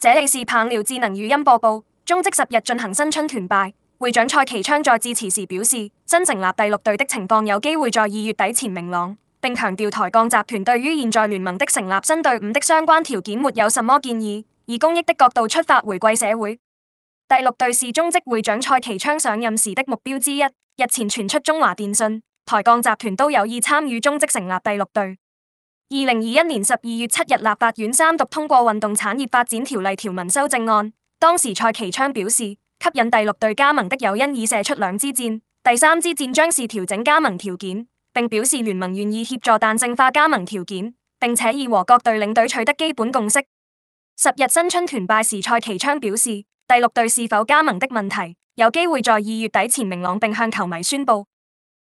這裏是棒聊智能語音播報，中職十日進行新春團拜，會長蔡其昌在致辭時表示，新成立第六隊的情況有機會在二月底前明朗，並強調台鋼集團對於現在聯盟的成立新隊伍的相關條件沒有什麼建議，以公益的角度出發回饋社會。第六隊是中職會長蔡其昌上任時的目標之一，日前傳出中華電信、台鋼集團都有意參與中職成立第六隊。二零二一年十二月七日，立法院三讀通過《運動產業發展條例》條文修正案。當時蔡其昌表示，吸引第六隊加盟的誘因已射出兩支箭，第三支箭將是調整加盟條件，並表示聯盟願意協助彈性化加盟條件，並且已和各隊領隊取得基本共識。十日新春團拜時，蔡其昌表示，第六隊是否加盟的問題，有機會在二月底前明朗，並向球迷宣布。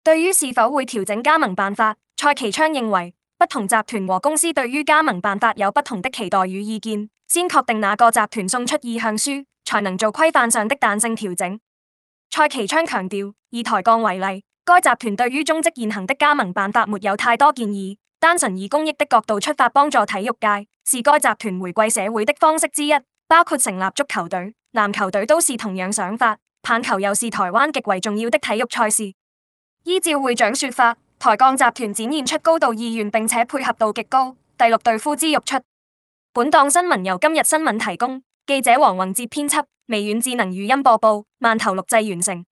對於是否會調整加盟辦法，蔡其昌認為。同集團和公司對於加盟辦法有不同的期待與意見，先確定哪個集團送出意向書，才能做規範上的彈性調整。蔡其昌強調，以台鋼為例，該集團對於中職現行的加盟辦法沒有太多建議，單純以公益的角度出發，幫助體育界是該集團回饋社會的方式之一，包括成立足球隊、籃球隊，都是同樣想法。棒球又是台灣極為重要的體育賽事，依照會長說法。台鋼集團展現出高度意願，並且配合度極高，第六隊呼之欲出。本檔新聞由今日新聞提供，記者黃宏哲編輯，微軟智能語音播報，慢頭錄製完成。